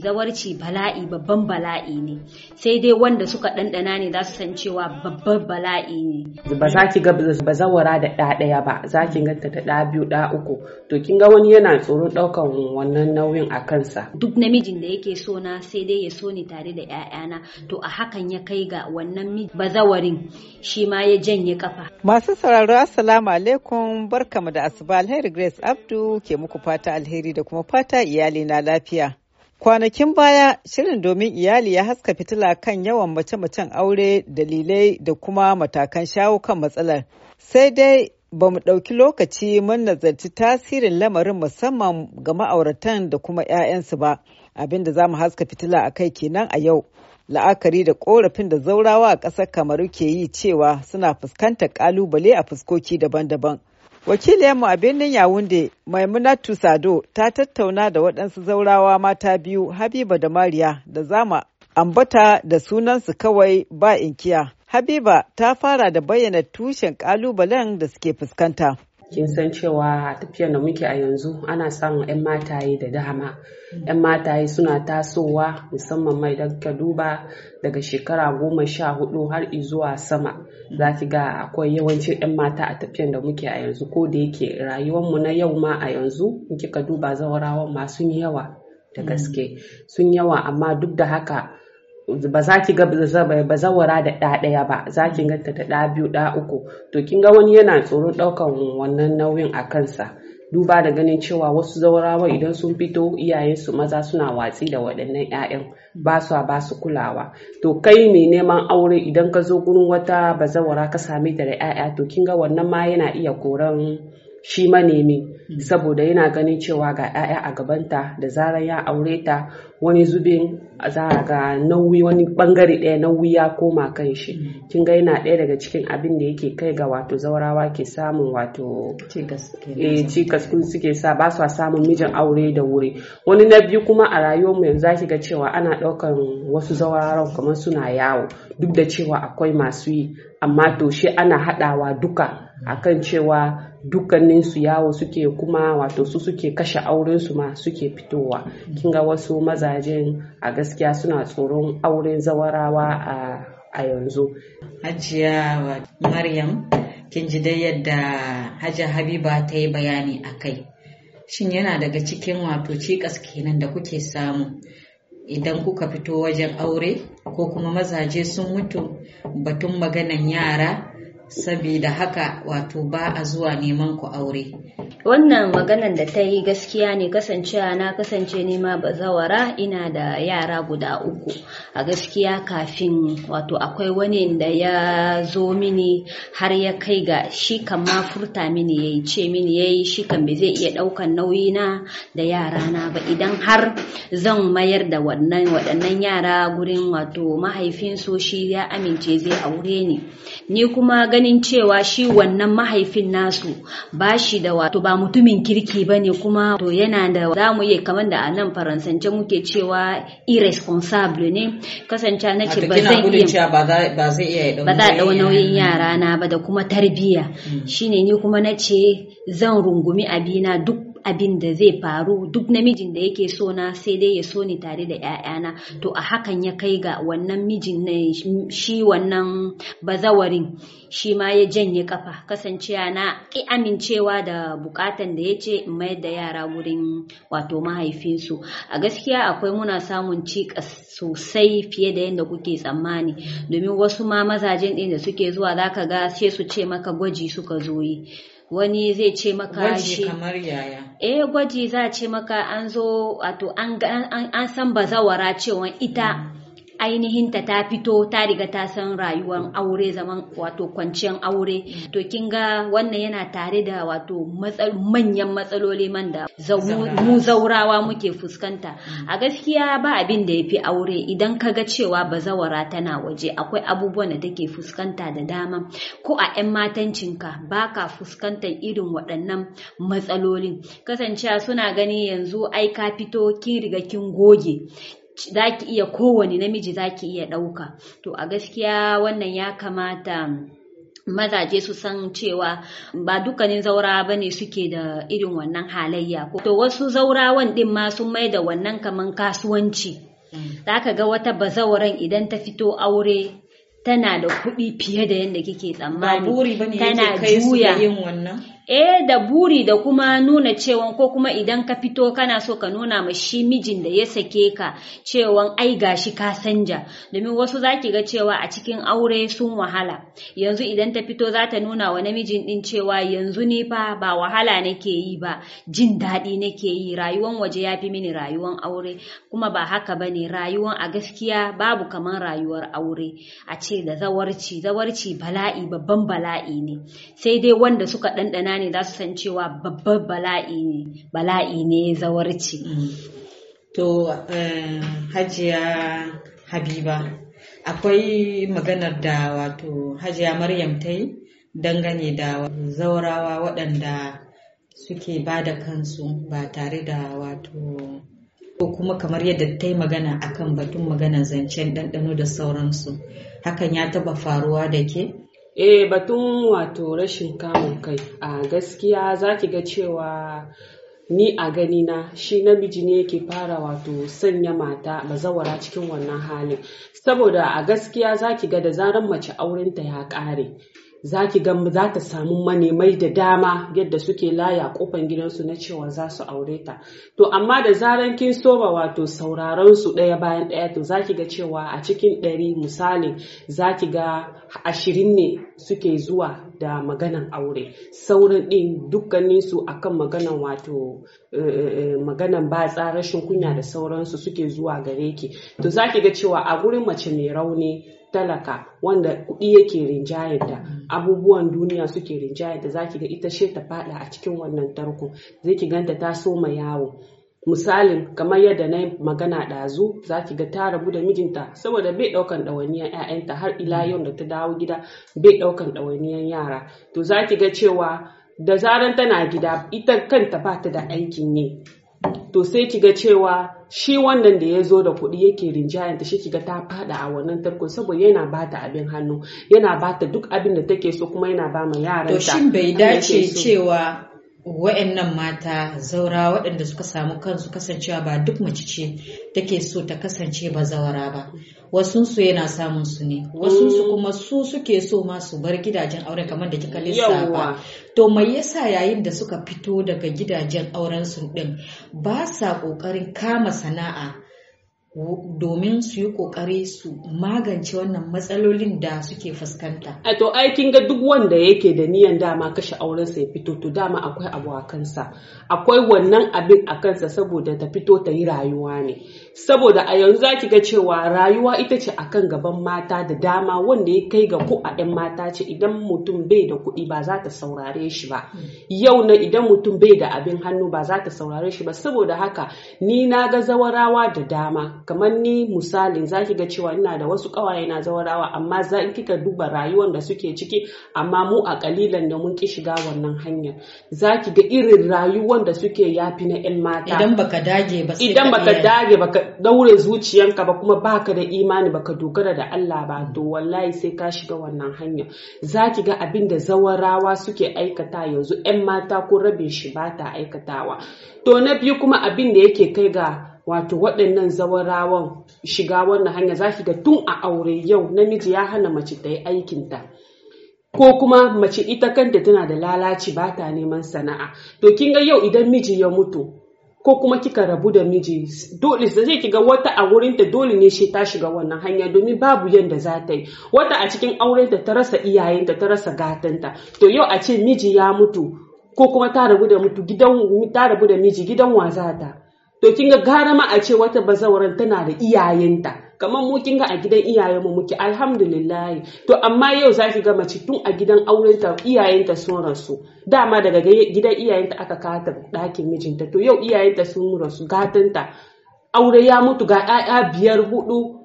zawarci bala'i babban bala'i ne sai dai wanda suka ɗanɗana ne za su san cewa babban bala'i ne ba za ki ga ba zawara da ɗa ɗaya ba za ki ganta da ɗa biyu ɗa uku to kin ga wani yana tsoron ɗaukan wannan nauyin a kansa duk namijin da yake so na sai dai ya so ni tare da ƴaƴana to a hakan ya kai ga wannan bazawarin shi ma ya janye kafa masu sauraro assalamu alaikum barkamu da asuba alheri grace abdu ke muku fata alheri da kuma fata iyali na lafiya. Kwanakin baya shirin domin iyali ya haska fitila kan yawan mace-macen aure dalilai da kuma matakan shawo kan matsalar. Sai dai ba mu ɗauki lokaci mun nazarci tasirin lamarin musamman ga ma'auratan da kuma 'ya'yansu ba abin da za mu haska fitila a kai kenan a yau. La'akari da ƙorafin da zaurawa a ƙasar Kamaru ke yi cewa suna fuskantar ƙalubale a fuskoki daban-daban. Wakiliyarmu a birnin Yawunde, Maimunatu Sado, ta tattauna da waɗansu zaurawa mata biyu, Habiba da Mariya, da zama ambata da sunansu kawai ba inkiya. Habiba ta fara da bayyana tushen ƙalubalen da suke fuskanta. kin san cewa a tafiyar da muke a yanzu ana samun 'yan mataye da dama 'yan mataye suna tasowa musamman mai da ka duba daga shekara goma sha hudu har zuwa sama za ki ga akwai yawancin 'yan mata a tafiyar da muke a yanzu ko da yake rayuwarmu na yau ma a yanzu in kika duba zawarawan masu yawa da gaske sun yawa amma duk da haka ba za ki ga ba zawara da ɗa ɗaya ba za ki ganta da ɗa biyu ɗa uku to kin ga wani yana tsoron ɗaukan wannan nauyin a kansa duba da ganin cewa wasu zaurawa idan sun fito iyayensu maza suna watsi da waɗannan 'ya'yan ba su ba su kulawa to kai mai neman aure idan ka zo gurin wata bazawara ka same ta da 'ya'ya to kin ga wannan ma yana iya koran shi manemi hmm. saboda yana ganin cewa ga 'ya'ya a gabanta da zarar ya aure ta wani zubin za a ga nauyi wani bangare ɗaya nauyi ya koma kan shi hmm. kin ga yana ɗaya daga cikin abin da yake kai ga wato zaurawa ke samun wato cikas kun eh, suke sa ba su samun mijin aure da wuri wani na biyu kuma a rayuwarmu yanzu zaki ga cewa ana ɗaukan wasu zauraron kamar suna yawo duk da cewa akwai masu yi amma to shi ana haɗawa duka hmm. akan cewa dukkanin su yawo suke kuma wato su suke kashe auren su ma suke fitowa kinga wasu mazajen a gaskiya suna tsoron auren zawarawa a a yanzu hajiya maryam kin ji dai yadda hajiya habiba ta yi bayani a kai shin yana daga cikin wato cikas kenan da kuke samu idan kuka fito wajen aure ko kuma mazaje sun mutu batun maganan yara sabida haka wato ba a zuwa neman ku aure wannan maganan da ta yi gaskiya ne kasancewa na kasance nema bazawara ina da yara guda uku a gaskiya kafin wato akwai wani da ya zo mini har ya kai ga shi kan ma furta mini ya yi ce mini ya yi shi kan bai zai iya ɗaukan na da yara na ba idan har zan mayar da waɗannan yara gurin wato mahaifinsu shi ya amince zai aure ni ni kuma ganin cewa shi wannan mahaifin nasu ba shi da wato ba mutumin kirki ba ne kuma to yana da za mu iya kamar da a nan faransance muke cewa irresponsible ne kasance na ce ba zai iya ba za a ɗau nauyin yara na ba da kuma tarbiyya mm. shine ni kuma na ce zan rungumi abina duk abin da zai faru duk namijin da yake so na sai dai ya so ni tare da 'ya'yana to a hakan ya kai ga wannan mijin na shi wannan bazawarin shi ma ya janye kafa kasancewa na ki amincewa da bukatan da ya ce in mayar da yara wurin wato mahaifinsu a gaskiya akwai muna samun cikas sosai fiye da yadda kuke tsammani domin wasu ma mazajen ɗin da suke zuwa zaka ga sai su ce maka gwaji suka zo yi wani zai ce maka shi kamar eh gwaji za ce maka an zo wato an an san bazawara cewa ita mm. ainihin ta ta fito ta riga ta san rayuwar aure zaman wato kwanciyar aure to kin ga wannan yana tare da wato manyan matsaloli man da mu zaurawa muke fuskanta a gaskiya ba abin da ya fi aure idan ka ga cewa bazawara tana waje akwai abubuwan da take fuskanta da dama ko a 'yan matancinka ba ka fuskantar irin waɗannan matsalolin kasancewa suna gani yanzu ai ka fito kin riga kin goge za ki iya kowane namiji za ki iya ɗauka to a gaskiya wannan ya kamata mazaje su san cewa ba dukkanin zaura ba ne suke da irin wannan halayya to wasu zaurawan ɗin ma sun mai da wannan kaman kasuwanci za ka ga wata bazawaran idan ta fito aure tana da kuɗi fiye da yadda kike tsammani tana juya eh da buri da kuma nuna cewan ko kuma idan ka fito kana so ka nuna ma shi mijin da ya sake ka cewa ai gashi ka sanja domin wasu zaki ga cewa a cikin aure sun wahala yanzu idan ta fito za ta nuna wa namijin din cewa yanzu ni fa ba wahala nake yi ba jin daɗi nake yi rayuwan waje ya fi mini rayuwan aure kuma ba haka ba ne rayuwan a gaskiya babu kaman rayuwar aure a ce da zawarci zawarci bala'i babban bala'i ne sai dai wanda suka ɗanɗana ne za su san cewa babban bala'i ne bala'i ne zawarci mm. to eh, hajiya habiba akwai maganar da wato hajiya maryam ta yi dangane da zaurawa waɗanda suke ba da kansu ba tare da wato ko kuma kamar yadda ta yi magana akan batun magana, zancen ɗanɗano da sauransu hakan ya taɓa faruwa da ke Eh batun wato rashin kamun kai a gaskiya za ki ga cewa ni a gani na, shi namiji ne yake fara wato sanya mata bazawara cikin wannan halin. Saboda a gaskiya za ki ga da zaran mace aurenta ya ƙare. za ki ga za ta samu manemai da dama yadda suke laya kofan gidansu na cewa za su aure ta to amma da zaran kin soba wato sauraron su ɗaya bayan ɗaya to za ki ga cewa a cikin ɗari misali za ki ga ashirin ne suke zuwa da maganan aure sauran ɗin dukkanin su akan maganan wato eh, eh, eh, maganan batsa rashin kunya da sauransu suke zuwa gare ki to za ki ga cewa a gurin mace mai rauni talaka wanda kuɗi yake rinjayar da mm. abubuwan duniya suke rinjayar za zaki ga ita she ta fada a cikin wannan tarko zai ki ganta ta so ma yawo misalin kamar yadda na magana ɗazu za ki ga ta rabu da mijinta saboda bai ɗaukan ɗawainiyar 'ya'yanta har ila mm. yau da ta dawo gida bai ɗaukan ɗawainiyar yara to za ki ga cewa da zaran tana gida ita kanta bata da aikin yi to sai ki ga cewa shi wannan da ya zo da kuɗi yake ta shi ki ga ta fada a wannan tarkon saboda yana bata abin hannu yana bata duk abin da take so kuma yana ba ma yaranta to shin bai dace cewa wa'annan mata zaura waɗanda suka samu kansu kasancewa ba duk mace ce take so ta kasance ba zaura ba wasunsu yana samun su ne wasunsu mm. kuma su suke so ma su bar gidajen auren kamar da kika lissafa to mai yasa yayin da suka fito daga gidajen auren su din ba sa kokarin kama sana'a domin su yi kokari su magance wannan matsalolin da suke fuskanta. A to aikin ga duk wanda yake da niyan dama kashe auren sa ya fito to dama akwai abu a kansa. Akwai wannan abin a kansa saboda ta fito ta yi rayuwa ne. Saboda a yanzu zaki ga cewa rayuwa ita ce akan gaban mata da dama wanda ya kai ga ko a ɗan mata ce idan mutum bai da kuɗi ba za ta saurare shi ba. Mm. Yau na idan mutum bai da abin hannu ba za ta saurare shi ba saboda haka ni na ga zawarawa da dama kamar ni misalin za ki ga cewa ina da wasu ƙawaye na zawarawa amma za kika duba rayuwar da suke ciki amma mu a kalilan da mun ki shiga wannan hanyar za ki ga irin rayuwar da suke yafi na yan mata idan baka dage ba idan baka dage baka daure zuciyanka ba kuma baka da imani baka dogara da Allah ba to wallahi sai ka shiga wannan hanya za ki ga abin da zawarawa suke aikata yanzu yan mata ko rabin shi ba ta aikatawa to na biyu kuma abin da yake kai ga wato waɗannan zawarawan shiga wannan hanya za ga tun a aure yau namiji ya hana mace ta yi aikinta ko kuma mace ita kanta tana da lalaci ba ta neman sana'a to kin ga yau idan miji ya mutu ko kuma kika rabu da miji dole zai ki ga wata a wurinta dole ne shi ta shiga wannan hanya domin babu yanda za ta yi wata a cikin aurenta ta rasa iyayenta ta rasa gatanta to yau a ce miji ya mutu ko kuma ta rabu da mutu gidan ta rabu da miji gidan wa za ta to kinga gara ma a ce wata bazawaran tana da iyayenta kamar mu kinga a gidan iyayen mu muke alhamdulillah to amma yau za ki ga mace tun a gidan aurenta iyayenta sun rasu dama daga gidan iyayenta aka kata ɗakin mijinta to yau iyayenta sun rasu gatanta aure ya mutu ga 'ya'ya biyar hudu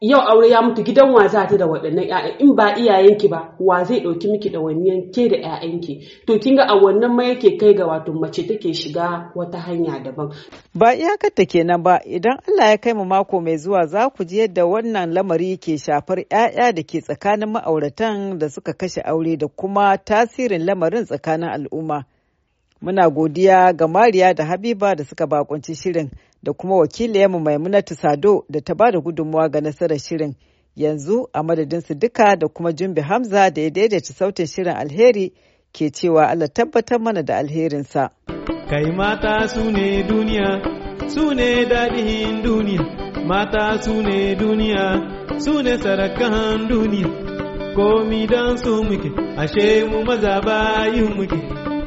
yau aure ya mutu gidan wa za ta da waɗannan ƴaƴan in ba iyayenki ba wa zai ɗauki miki wannan ke da ƴaƴanki to kin ga a wannan ma yake kai ga wato mace take shiga wata hanya daban ba iyakar ta kenan ba idan Allah ya kai mu mako mai zuwa za ku ji yadda wannan lamari ke shafar ƴaƴa da ke tsakanin ma'auratan da suka kashe aure da kuma tasirin lamarin tsakanin al'umma Muna godiya ga Mariya da Habiba da suka bakunci shirin da kuma wakiliyarmu Maimunatu Sado da ta bada gudunmawa ga nasarar shirin. Yanzu a madadinsu duka da kuma Jumbe Hamza da ya daidaita sautin shirin alheri ke cewa Allah tabbatar mana da alherinsa. Kai mata su ne duniya, su ne daɗin duniya, mata su ne duniya, su ne sarakan duniya, komi don su muke, ashe mu maza bayin muke.